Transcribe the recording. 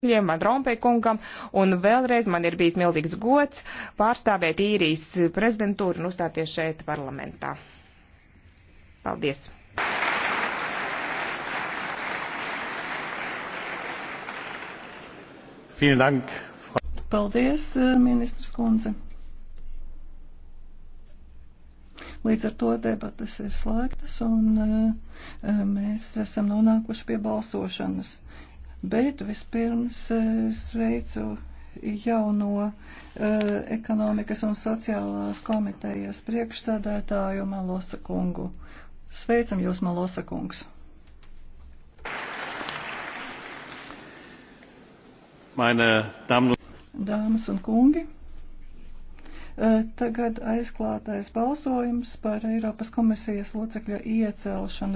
Man Rompēkungam, un vēlreiz man ir bijis milzīgs gods pārstāvēt īrijas prezidentūru un uzstāties šeit parlamentā. Paldies! Paldies, eh, ministrs kundze. Līdz ar to debatas ir slēgtas un eh, eh, mēs esam nonākuši pie balsošanas bet vispirms eh, sveicu jauno eh, ekonomikas un sociālās komitejas priekšsēdētāju Malosa kungu. Sveicam jūs, Malosa kungs! Meine Damen und Dāmas un kungi! Eh, tagad aizklātais balsojums par Eiropas komisijas locekļa iecelšanu.